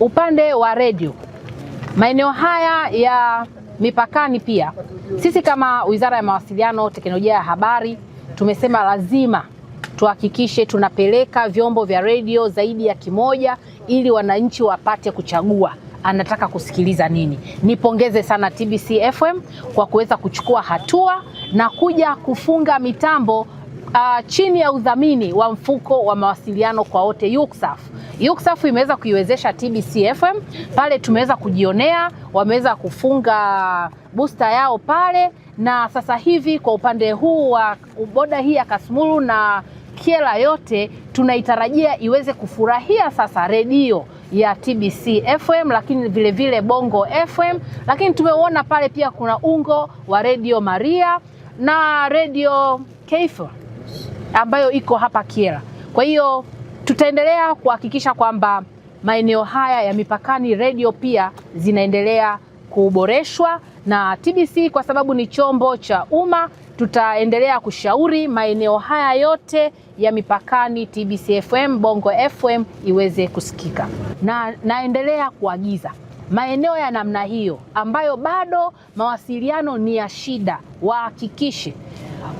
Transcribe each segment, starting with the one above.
upande wa redio, maeneo haya ya mipakani, pia sisi kama Wizara ya Mawasiliano, Teknolojia ya Habari tumesema lazima tuhakikishe tunapeleka vyombo vya redio zaidi ya kimoja ili wananchi wapate kuchagua anataka kusikiliza nini. Nipongeze sana TBC FM kwa kuweza kuchukua hatua na kuja kufunga mitambo uh, chini ya udhamini wa mfuko wa mawasiliano kwa wote UCSAF. UCSAF imeweza kuiwezesha TBCFM pale, tumeweza kujionea, wameweza kufunga booster yao pale, na sasa hivi kwa upande huu wa boda hii ya Kasmulu na Kyela yote tunaitarajia iweze kufurahia sasa redio ya TBC FM lakini vilevile vile Bongo FM, lakini tumeona pale pia kuna ungo wa redio Maria na redio Keifa ambayo iko hapa Kyela. Kwa hiyo Tutaendelea kuhakikisha kwamba maeneo haya ya mipakani redio pia zinaendelea kuboreshwa na TBC kwa sababu ni chombo cha umma. Tutaendelea kushauri maeneo haya yote ya mipakani TBC FM, Bongo FM iweze kusikika, na naendelea kuagiza maeneo ya namna hiyo ambayo bado mawasiliano ni ya shida, wahakikishe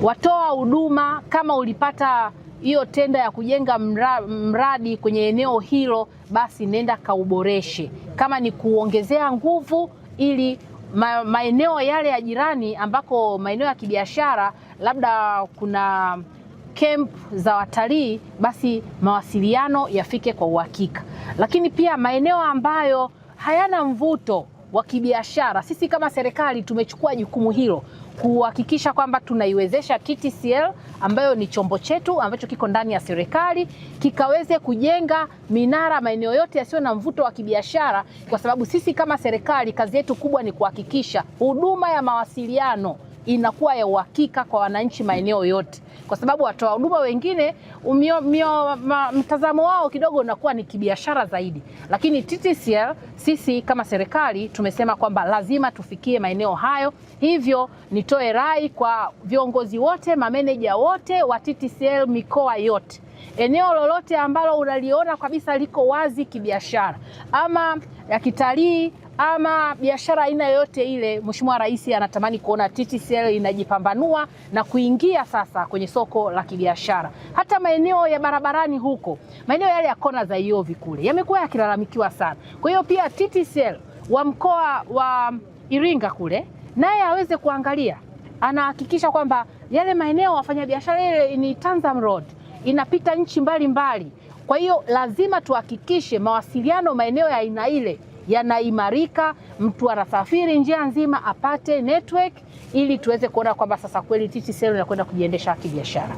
watoa huduma kama ulipata hiyo tenda ya kujenga mra, mradi kwenye eneo hilo, basi nenda kauboreshe, kama ni kuongezea nguvu ili ma, maeneo yale ya jirani ambako maeneo ya kibiashara labda kuna kemp za watalii, basi mawasiliano yafike kwa uhakika, lakini pia maeneo ambayo hayana mvuto wa kibiashara, sisi kama serikali tumechukua jukumu hilo kuhakikisha kwamba tunaiwezesha TTCL ambayo ni chombo chetu ambacho kiko ndani ya serikali kikaweze kujenga minara maeneo yote yasiyo na mvuto wa kibiashara, kwa sababu sisi kama serikali kazi yetu kubwa ni kuhakikisha huduma ya mawasiliano inakuwa ya uhakika kwa wananchi maeneo yote, kwa sababu watoa huduma wengine umio, mio, ma, mtazamo wao kidogo unakuwa ni kibiashara zaidi, lakini TTCL sisi kama serikali tumesema kwamba lazima tufikie maeneo hayo. Hivyo nitoe rai kwa viongozi wote, mameneja wote wa TTCL mikoa yote eneo lolote ambalo unaliona kabisa liko wazi kibiashara ama ya kitalii ama biashara aina yoyote ile, Mheshimiwa Rais anatamani kuona TTCL inajipambanua na kuingia sasa kwenye soko la kibiashara. Hata maeneo ya barabarani huko, maeneo yale ya kona za Iovi kule yamekuwa yakilalamikiwa sana. Kwa hiyo pia TTCL wa mkoa wa Iringa kule naye aweze kuangalia, anahakikisha kwamba yale maeneo wafanyabiashara ile ni Tanzam Road inapita nchi mbalimbali mbali. Kwa hiyo lazima tuhakikishe mawasiliano maeneo ya aina ile yanaimarika, mtu anasafiri njia nzima apate network, ili tuweze kuona kwamba sasa kweli TTCL inakwenda kujiendesha kibiashara.